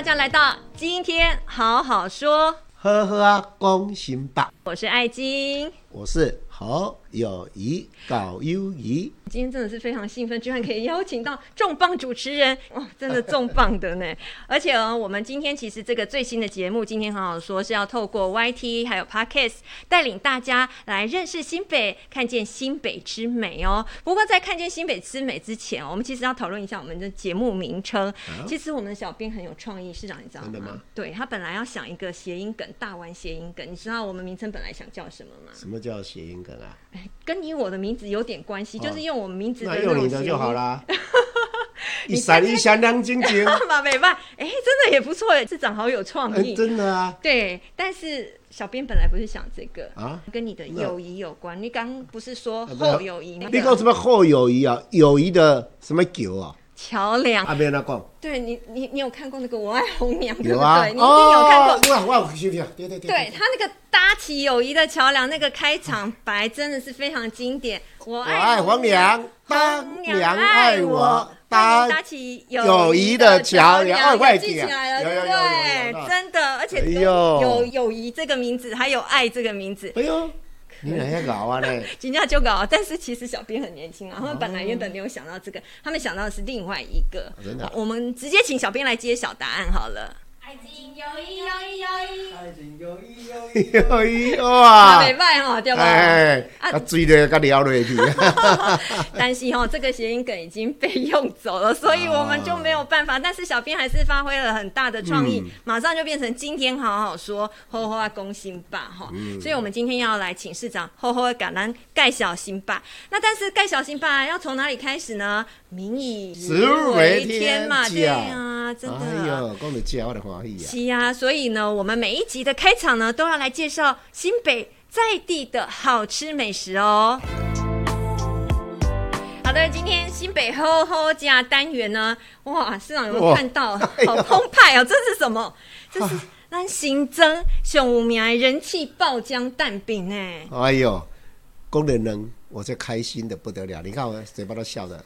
大家來到今天，好好說，呵呵、啊，恭喜吧。我是愛金，我是侯。友宜，搞友宜，今天真的是非常興奮，居然可以邀請到重磅主持人哦，真的重磅的呢！ 而且哦，我們今天其實這個最新的節目，今天好好說是要透過 YT 還有 Podcast 帶領大家來認識新北，看見新北之美哦。不過在看見新北之美之前、哦，我們其實要討論一下我們的節目名稱、啊。其實我們的小編很有創意，市長你知道嗎？真的嗎？對他本來要想一個諧音梗，大玩諧音梗。你知道我們名稱本來想叫什麼嗎？什麼叫諧音梗啊？跟你我的名字有點關係，哦，就是用我們名字的。那用你的就好了，你 閃一閃亮晶晶，馬尾辮，哎，真的也不錯哎，市長好有創意，欸，真的啊。對，但是小編本來不是想這個啊，跟你的友誼有關。你剛不是說侯友宜嗎？啊啊？你說什麼侯友宜啊？友誼的什麼久啊？橋樑、啊、對你，你你有看過那個《我愛紅娘》？有啊對不對，你一定有看過。我我去聽，對對對。對他、嗯、那個搭起友誼的橋樑，那個開場白真的是非常經典。我愛，我愛紅娘，紅娘愛我，搭，搭起友誼的橋樑。愛記起來了，對，真的，而且有有友誼這個名字，還有愛這個名字，哎呦。嗯、你哪天搞啊？嘞今天就搞，但是其實小編很年輕啊，oh. 他們本來原本沒有想到這個，他們想到的是另外一個。真、oh. 的，我們直接請小編來揭曉答案好了。愛情友誼友誼友誼，哇，做袂歹吼，對吧？哎、欸，啊，追到，甲撩落去。擔心吼、哦，這個諧音梗已經被用走了，所以我們就沒有辦法。啊、但是小編還是發揮了很大的創意、嗯，馬上就變成今天好好說，侯侯，說新北吧。所以我們今天要來請市長侯侯，跟我們介紹新北爸哈。所以，我們今天要來請市長侯侯，跟我們介紹新北吧。那但是介紹新北吧要從哪裡開始呢？民以食為天嘛，對啊，真的。哎呦，工人家的喜是啊，所以呢，我們每一集的開場呢，都要來介紹新北在地的好吃美食哦。好的，今天新北侯侯呷單元呢、啊，哇，市長有沒有看到？好澎湃哦、啊！這是什麼？這是咱新莊，最有名的，人氣爆漿蛋餅哎！哎呦，工人人，我這開心的不得了，你看我嘴巴都笑的。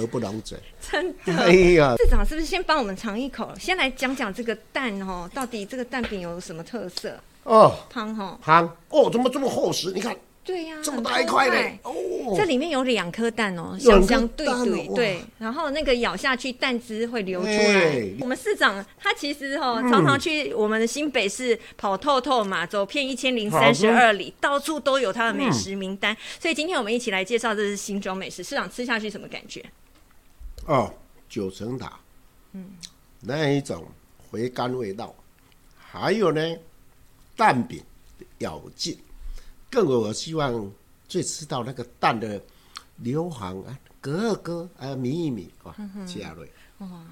合不攏嘴，真的。哎呀，市長是不是先幫我們嚐一口？先來講講這個蛋哦，到底這個蛋餅有什麼特色？哦，燙哈，哦，燙哦，怎麼這麼厚實？你看，對呀，啊，這麼大一塊嘞，哦，這裡面有兩顆蛋哦，香，對對，然後那個咬下去，蛋汁會流出來。欸、我們市長他其實哈、哦嗯，常常去我們的新北市跑透透嘛，走遍一千零三十二里，到處都有他的美食名單。嗯、所以今天我們一起來介紹這是新莊美食，市長吃下去什麼感覺？哦，九層塔，嗯，那一種回甘味道，還有呢，蛋餅咬勁，更我希望最吃到那個蛋的硫磺啊，格格還有米一米啊，其他類哇，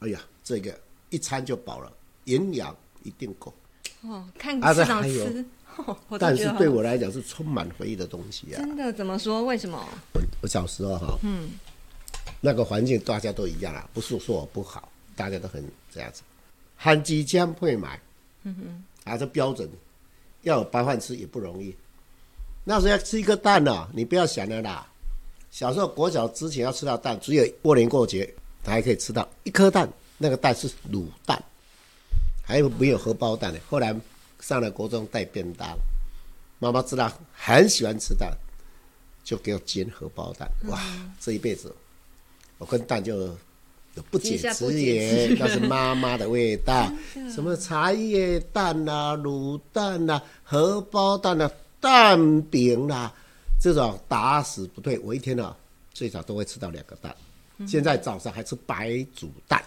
哎呀，這個一餐就飽了，營養一定夠哦。看市長吃，啊，還有哦，但是對我來講是充滿回憶的東西啊。真的，怎麼說？為什麼？我我小時候哈，嗯。嗯那個環境大家都一樣啊，不是說我不好，大家都很這樣子。旱即將會買，嗯哼，還是標準，要有白飯吃也不容易。那時候要吃一個蛋呢、哦，你不要想了啦。小時候國小之前要吃到蛋，只有過年過節才可以吃到一顆蛋。那個蛋是滷蛋，還有沒有荷包蛋呢？後來上了國中，帶便當了。媽媽知道很喜歡吃蛋，就給我煎荷包蛋。哇，這一輩子。我跟蛋就有不解之緣，那是媽媽的味道。 什麼茶葉蛋吶、啊，滷蛋吶、啊，荷包蛋吶、啊，蛋餅吶、啊，這種打死不對。我一天呢、啊，最少都會吃到兩個蛋、嗯。現在早上還吃白煮蛋。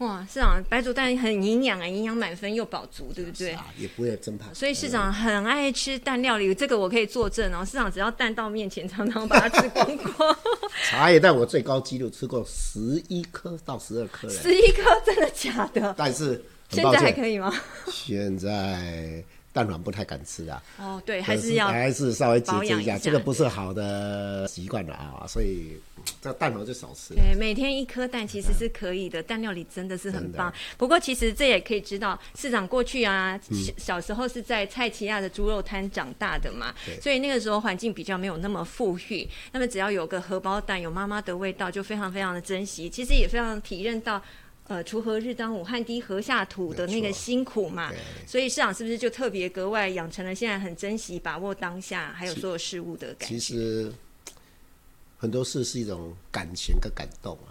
哇，市長白煮蛋很營養啊，營養滿分又飽足，對不對？也，啊、也不會增胖。所以市長、嗯、很愛吃蛋料理，這個我可以作證哦。然後市長只要蛋到面前，常常把它吃光光。 茶葉蛋我最高紀錄吃過十一顆到十二顆了、欸。十一顆真的假的？但是現在還可以嗎？現在。蛋黃不太敢吃啊。哦，對，還是要是還是稍微節制一,一下，這個不是好的習慣的啊，啊，所以這蛋黃就少吃。對，每天一顆蛋其實是可以的，嗯、蛋料理真的是很棒。不過其實這也可以知道，市長過去啊小、嗯，小時候是在菜市仔的豬肉攤長大的嘛，對，所以那個時候環境比較沒有那麼富裕，那麼只要有個荷包蛋，有媽媽的味道，就非常非常的珍惜。其實也非常體認到。呃，鋤禾日當午，汗滴禾下土，的那個辛苦嘛，所以市長是不是就特別格外養成了現在很珍惜、把握當下，還有所有事物的感覺？其實，很多事是一種感情跟感動啊。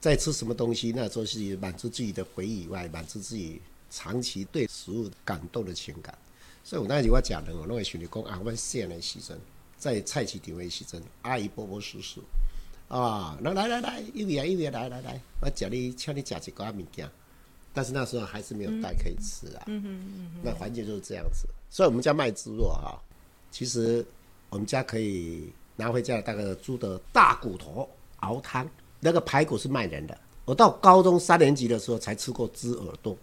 在吃什麼東西那都是滿足自己的回憶以外，滿足自己長期對食物感動的情感。所以我那句話講的，我認為許立功啊為線人犧牲，在菜系地位犧牲，阿姨伯伯叔叔。啊、哦，那來來來，一碗一啊，來來來，我叫你叫你加幾塊米件。但是那時候還是沒有蛋，可以吃啊。嗯嗯嗯，那環境就是這樣子。嗯嗯嗯嗯，樣子嗯、所以，我們家賣豬肉啊，其實我們家可以拿回家的大概豬的大骨頭熬湯。那個排骨是賣人的。我到高中三年級的時候才吃過豬耳朵。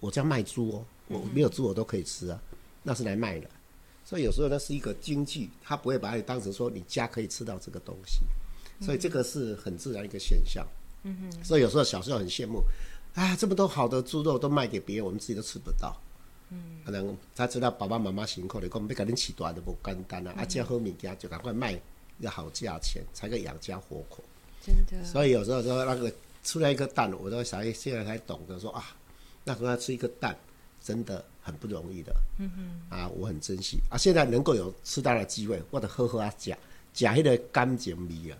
我家賣豬哦，我沒有豬耳朵可以吃啊，嗯、那是來賣的。所以有時候呢，是一個經濟，他不會把你當成說你家可以吃到這個東西。所以這個是很自然一個現象。嗯。所以有時候小時候很羨慕，啊，這麼多好的豬肉都賣給別人，我們自己都吃不到。嗯。可能他知道爸爸媽媽辛苦、就是、說你了，們被趕你起端，的不簡單啊。啊，樣要米物件就趕快賣一個好價錢，才可以養家活口。真的。所以有時候說那個出來一個蛋，我都想現在才懂得、就是、說啊，那跟他吃一個蛋真的很不容易的。嗯。啊，我很珍惜啊。現在能夠有吃蛋的機會，或者喝喝啊假假，黑的乾淨米啊。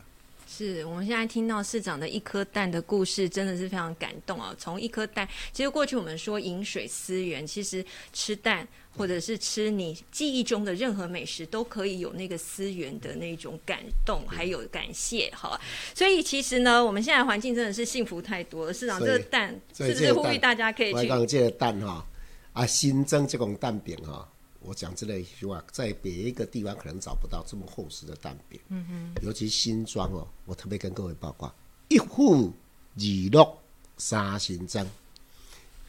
是，我們現在聽到市長的一顆蛋的故事，真的是非常感動啊、哦！從一顆蛋，其實過去我們說飲水思源，其實吃蛋或者是吃你記憶中的任何美食，嗯、都可以有那個思源的那種感動，嗯、還有感謝哈。所以其實呢，我們現在環境真的是幸福太多了。市長這個蛋，這個蛋是不是呼籲大家可以去？市長這個蛋哈啊，新增新莊這種蛋餅哈。啊我講這類一句話，在別一個地方可能找不到這麼厚實的蛋餅，嗯，尤其新莊哦，我特別跟各位報告，一府二鹿三新莊，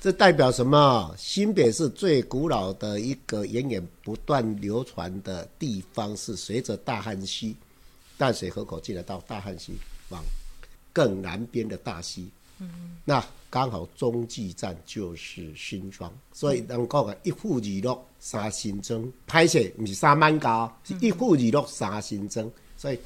這代表什麼？新北市最古老的一個，源源不斷流傳的地方，是隨着大漢溪淡水河口進來到大漢溪，往更南邊的大溪。那剛好，中繼站就是新莊，所以能夠一府二鹿三新莊，拍謝，不是三艋舺，哦，是一府二鹿三新莊。所以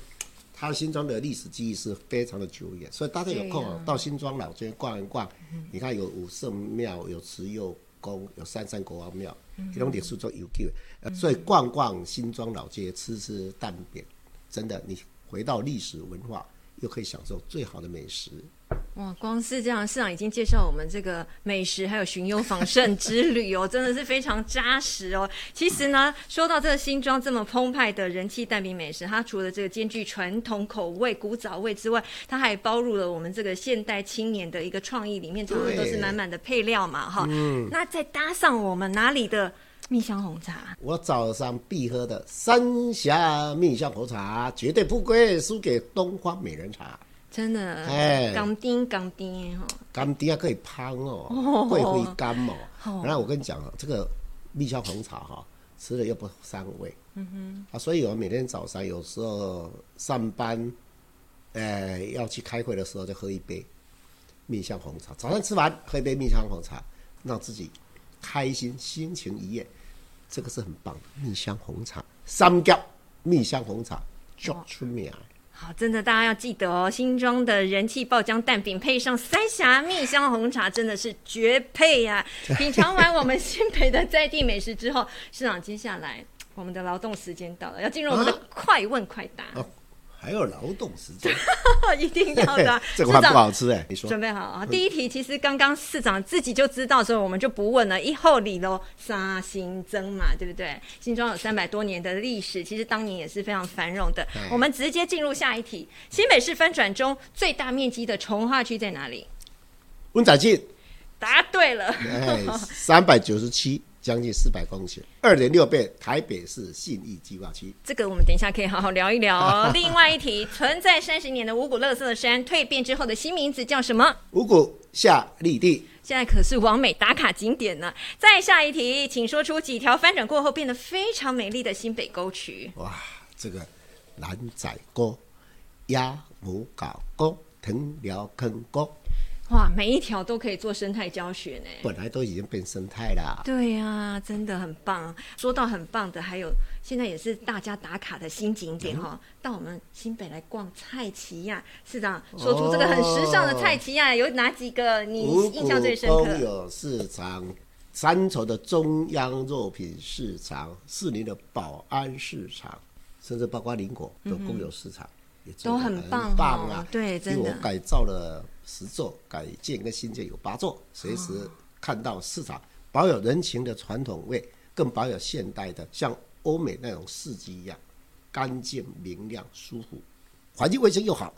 他新莊的歷史記憶是非常的久遠。所以大家有空到新莊老街逛一逛，啊、你看有武聖廟，有慈祐宮，有三山國王廟，這種歷史都有，所以逛逛新莊老街，吃吃蛋餅，真的，你回到歷史文化。又可以享受最好的美食，哇！光是這樣，市長已經介紹我們這個美食還有尋幽訪勝之旅哦，真的是非常扎實哦。其實呢，說到這個新莊這麼澎湃的人氣蛋餅美食，它除了這個兼具傳統口味、古早味之外，它還包入了我們這個現代青年的一個創意裡面，常常都是滿滿的配料嘛，哈。嗯，那再搭上我們哪裡的？蜜香紅茶，我早上必喝的三峽蜜香紅茶，絕對不貴，輸給東方美人茶，真的，哎、欸，甘甜甘甜的哈，甘甜還可以胖哦，貴歸貴。甘哦。然後我跟你講了，這個蜜香紅茶哈、哦，吃了又不傷胃，嗯哼啊，所以我每天早上有時候上班，呃、要去開會的時候，就喝一杯蜜香紅茶。早上吃完喝一杯蜜香紅茶，讓自己開心，心情愉悅。這個是很棒的，蜜香紅茶，三峽蜜香紅茶，叫、哦、出名啊好，真的大家要記得哦，新莊的人氣爆漿蛋餅配上三峽蜜香紅茶，真的是絕配啊。 品嘗完我們新北的在地美食之後， 市長接下來我們的勞動時間到了，要進入我們的快問快答。啊哦還有勞動時間， 一定要的、啊。 市長不好吃哎，準備好啊！第一題其實剛剛市長自己就知道，所以我們就不問了。一府二鹿三新莊嘛，對不對？新莊有三百多年的歷史，其實當年也是非常繁榮的。我們直接進入下一題：新北市翻轉中最大面積的重劃區在哪裡？塭仔圳，答對了，三百九十七。將近四百公頃，二點六倍台北市信義計劃區。這個我們等一下可以好好聊一聊、哦、 另外一題，存在三十年的五股垃圾山，蛻變之後的新名字叫什麼？五股夏綠地，現在可是網美打卡景點呢。再下一題，請說出幾條翻轉過後變得非常美麗的新北溝渠。哇，這個南仔溝、鴨母港溝、藤寮坑溝。哇，每一條都可以做生態教學呢！本來都已經變生態了。對呀、啊，真的很棒。說到很棒的，還有現在也是大家打卡的新景點哈、嗯，到我們新北來逛菜市仔、嗯、市場，說出這個很時尚的菜市仔、哦、有哪幾個？你印象最深刻？公有市場三重的中央肉品市場、四林的保安市場，甚至包括林口的公有市場，嗯也很啊、都很棒，棒啊！對，真的改造了。十座改建跟新建有八座，隨時看到市場保有人情的傳統味，更保有現代的，像歐美那種市集一樣，乾淨明亮、舒服，環境衛生又好。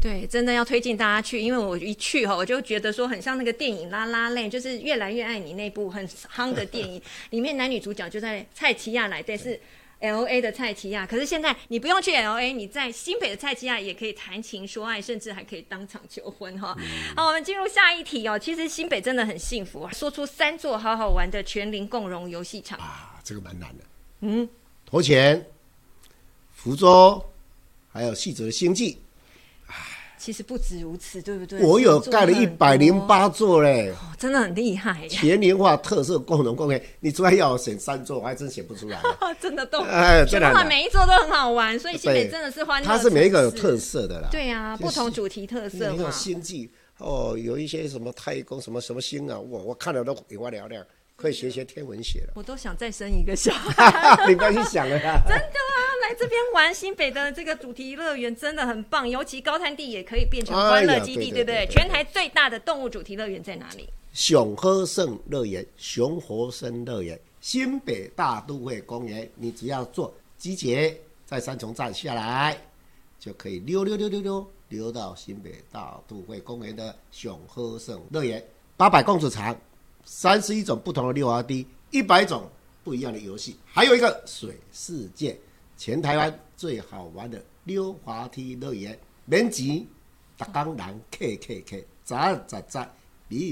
對，真的要推薦大家去，因為我一去哈，我就覺得說很像那個電影《La La Land》，就是越來越愛你那部很夯的電影， 裡面男女主角就在蔡奇亞來但是。 L A 的蔡奇亞，可是現在你不用去 L A，你在新北的蔡奇亞也可以談情說愛，甚至還可以當場求婚哈、嗯。好，我們進入下一題哦。其實新北真的很幸福，說出三座好好玩的全齡共融遊戲場啊，這個蠻難的。嗯，頭前、福州，還有汐止的星際。其實不止如此，對不對？我有蓋了一百零八座嘞、哦，真的很厲害。全齡化特色共融公園，你出來要，要選三座，我還真選不出來 真的都、呃。真的多，而且每一座都很好玩，所以新北真的是歡樂的城市。它是每一個有特色的啦，對啊，就是、不同主題特色嘛。那個星際哦，有一些什麼太空什麼什麼星啊，我我看了都眼花繚亂，可以學學天文學了。我都想再生一個小孩， 你不要去想了、啊、呀。 真的。這邊玩新北的這個主題樂園真的很棒，尤其高灘地也可以變成歡樂基地，哎、對不對？對，對，對。全台最大的動物主題樂園在哪裡？熊猴森樂園，熊猴森樂園，新北大都會公園。你只要坐機捷，在三重站下來，就可以溜溜溜溜溜溜到新北大都會公園的熊猴森樂園。八百公尺長，三十一種不同的溜滑梯，一百種不一樣的遊戲，還有一個水世界。全台灣最好玩的溜滑梯樂園，免錢，逐工人客客客，載載載。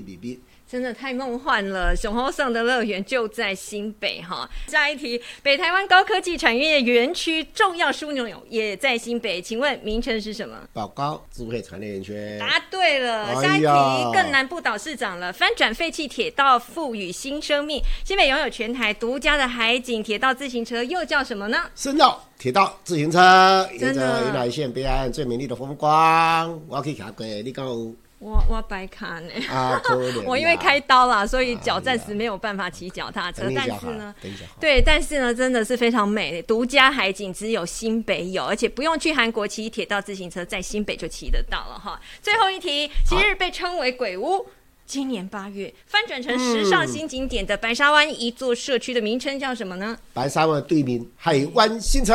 比比，比真的太夢幻了，熊猴森的樂園就在新北哈。下一題，北台灣高科技產業園區重要樞紐也在新北，請問名稱是什麼？寶高智慧產業園區。答對了。哦、下一題、哎、更難不倒市長了，翻轉廢棄鐵道賦予新生命。新北擁有全台獨家的海景鐵道自行車，又叫什麼呢？深澳鐵道自行車。真的。迎著雲南縣北岸最美麗的風光，我去看過，你講我我白卡呢， 我因為開刀啦，啊、所以腳暫時沒有辦法騎腳踏車，啊，但是呢，對，但是呢，真的是非常美，獨家海景，只有新北有，而且不用去韓國騎鐵道自行車，在新北就騎得到了哈。最後一題，昔日被稱為鬼屋。啊今年八月，翻轉成時尚新景點的白沙灣，一座社區的名稱叫什麼呢？白沙灣對面海灣新城。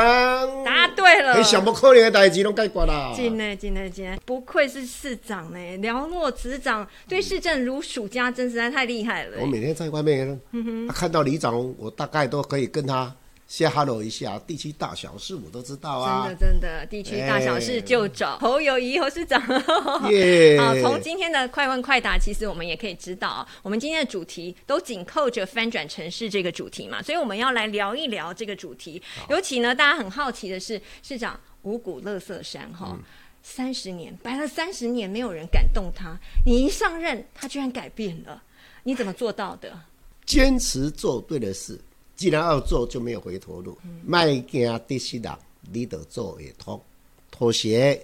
答對了。連什麼可憐的代志攏解決了進呢進呢進，不愧是市長呢，瞭若指掌，對市政如數家珍，嗯、實在太厲害了。我每天在外面看到里長，我大概都可以跟他。先哈嘍，一下，地區大小事我都知道啊。真的真的，地區大小事就找，欸、侯友宜侯市長。耶。好，yeah，從，哦、今天的快問快答，其實我們也可以知道，我們今天的主題都緊扣着翻轉城市這個主題嘛，所以我們要來聊一聊這個主題。尤其呢，大家很好奇的是，市長，五股垃圾山哈，三，哦、十，嗯、年擺了三十年，沒有人敢動它，你一上任，它居然改變了，你怎麼做到的？堅持做對的事。既然要做，就沒有回頭路。賣、嗯、啊，第死檔你做得做也拖，妥協、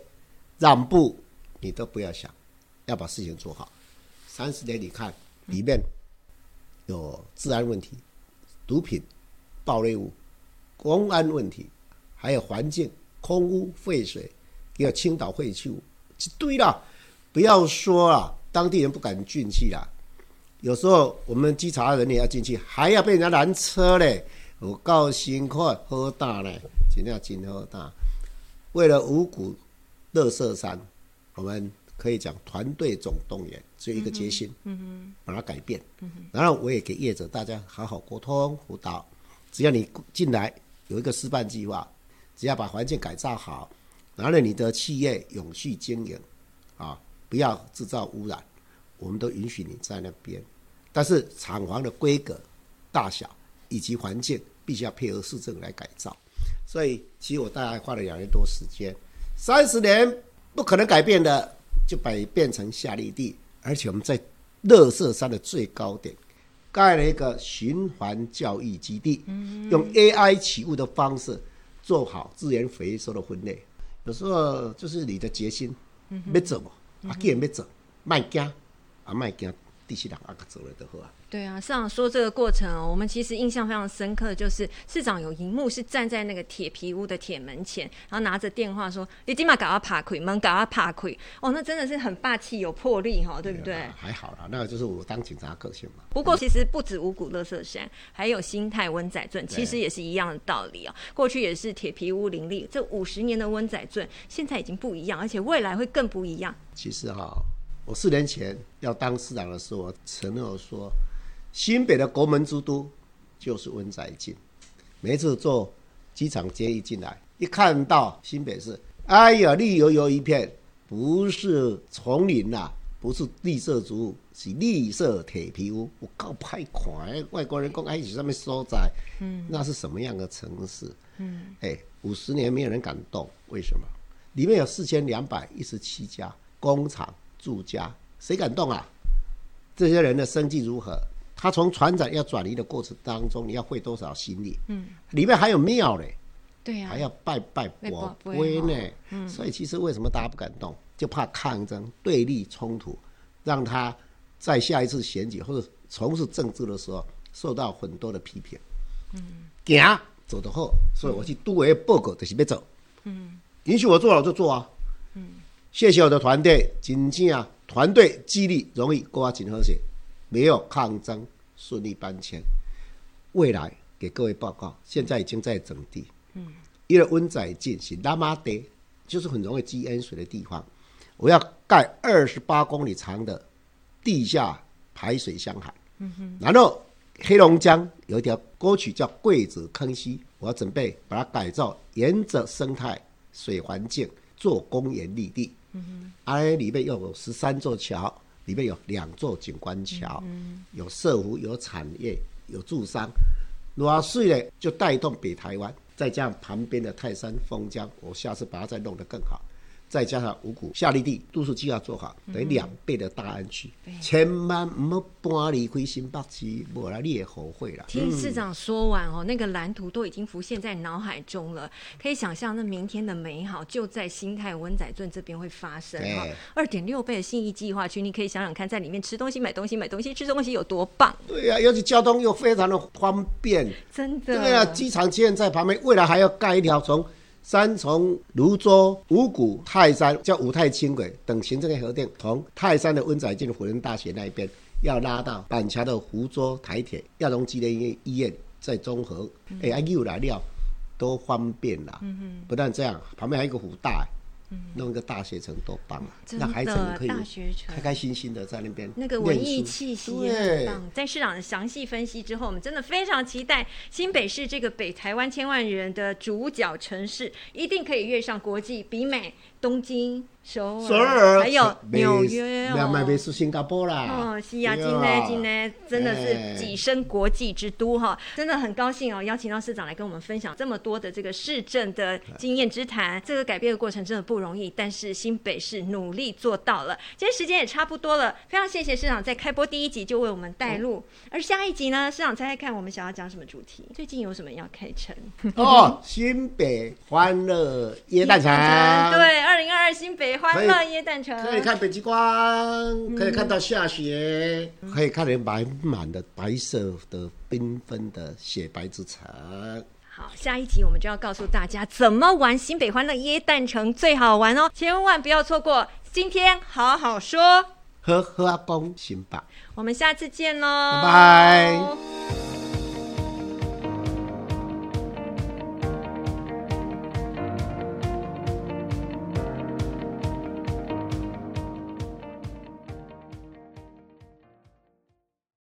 讓步，你都不要想，要把事情做好。三十年，你看裡面有治安問題、嗯、毒品、爆裂物、公安問題，還有環境、空污、廢水，也有傾倒廢棄物，對了。不要說了，當地人不敢進去啦。有時候我們稽查人也要進去，還要被人家攔車嘞。我高興快喝大嘞，儘量儘量喝大。為了五股垃圾山，我們可以講團隊總動員，只有一個決心、嗯嗯，把它改變。然後我也給業者大家好好溝通輔導。只要你進來有一個示範計劃，只要把環境改造好，然後你的企業永續經營，啊，不要製造污染。我們都允許你在那邊，但是廠房的規格、大小以及環境必須要配合市政來改造。所以，其實我大概花了兩年多時間，三十年不可能改變的，就把你變成夏綠地。而且我們在垃圾山的最高點蓋了一個循環教育基地，用 AI 起霧的方式做好資源回收的分類。有時候就是你的決心沒走啊，阿也沒走，賣家。阿麥跟第幾檔阿哥走了都好啊。對啊，市長說這個過程哦、喔，我們其實印象非常深刻，就是市長有一幕是站在那個鐵皮屋的鐵門前，然後拿着電話說：“你今嘛趕快爬開，門趕快爬開。喔”哦，那真的是很霸氣、有魄力哈、喔，對不對，對？還好啦，那就是我當警察個性嘛。不過其實不止五股垃圾山，還有新泰塭仔圳，其實也是一樣的道理啊、喔。過去也是鐵皮屋林立，這五十年的塭仔圳現在已經不一樣，而且未來會更不一樣。其實哈、喔。我四年前要當市長的時候，我承諾說，新北的國門之都就是塭仔圳。每次坐機場捷一進來，一看到新北市，哎呀，綠油油一片，不是叢林吶、啊，不是綠色植物，是綠色鐵皮屋，我搞不太快、欸，外國人講埃及上面說在，嗯，那是什麼樣的城市？嗯，哎、欸，五十年沒有人敢動，為什麼？裡面有四千兩百一十七家工廠。住家誰敢動啊？這些人的生計如何？他從船長要轉移的過程當中，你要費多少心力？嗯，裡面還有廟呢，對呀、啊，還要拜拜佛、嗯、所以其實為什麼大家不敢動？就怕抗爭、對立、衝突，讓他在下一次選舉或者從事政治的時候受到很多的批評。嗯，行，走的後，所以我去都為報告就是別走、嗯。允許我做了我就做啊。嗯謝謝我的團隊。僅僅啊，團隊紀律容易抓緊和諧，沒有抗爭，順利搬遷。未來給各位報告，現在已經在整地。嗯、因為塭仔圳是拉馬地，就是很容易積淹水的地方。我要蓋二十八公里長的地下排水箱涵、嗯，然後黑龍江有一條溝渠叫貴子坑溪，我要準備把它改造，沿着生態水環境做公園綠地。嗯哼，裡面又有十三座橋，裡面有兩座景觀橋，嗯，有社湖，有產業，有住商，納稅呢，就帶動北台灣，再加上旁邊的泰山、封江，我下次把它再弄得更好。再加上五股、夏綠地都市計劃做好，等於兩倍的大安區，嗯，千萬唔要搬離歸新北市，不然你會後悔了。聽市長說完哦，嗯，那個藍圖都已經浮現在腦海中了，可以想象那明天的美好就在新泰、塭仔圳這邊會發生哦。二點六倍的信義計劃區，你可以想想看，在裡面吃東西、買東西、買東西、吃東西有多棒。對呀，啊，尤其交通又非常的方便，真的。對呀，啊，機場建在旁邊，未來還要蓋一條從。三重、蘆洲、五股、泰山，叫五泰輕軌等行政院核定，從泰山的塭仔圳輔仁大學那一邊，要拉到板橋的浮洲台鐵亞東紀念醫院再中和，哎、嗯，安、欸、又、啊、來了，多方便啦、嗯。不但這樣，旁邊還有一個湖大、欸。弄、那、一個大學城多棒啊！那孩子們可以開開心心的在那邊那個文藝氣息，也很棒，在市場的詳細分析之後，我們真的非常期待新北市這個北台灣千萬人的主角城市，一定可以躍上國際媲美東京。首、so, 爾、so, 啊，還有紐約，哦，沒沒新加坡啦，哦，是啊，今天今天真的是躋身國際之都哈、啊哦，真的很高興哦，邀請到市長來跟我們分享這麼多的這個市政的經驗之談，這個改變的過程真的不容易，但是新北市努力做到了，今天時間也差不多了，非常謝謝市長在開播第一集就為我們帶路、嗯，而下一集呢，市長猜猜看我們想要講什麼主題？最近有什麼要開城？哦， 新北歡樂耶誕城，對。耶誕城，可以看北極光，可以看到下雪，嗯、可以看得滿滿的白色的繽紛的雪白之城。好，下一集我們就要告訴大家怎麼玩新北歡樂耶誕城最好玩哦，千萬不要錯過。今天好好說，呵呵阿、啊、公行吧，我們下次見哦，拜拜。Bye bye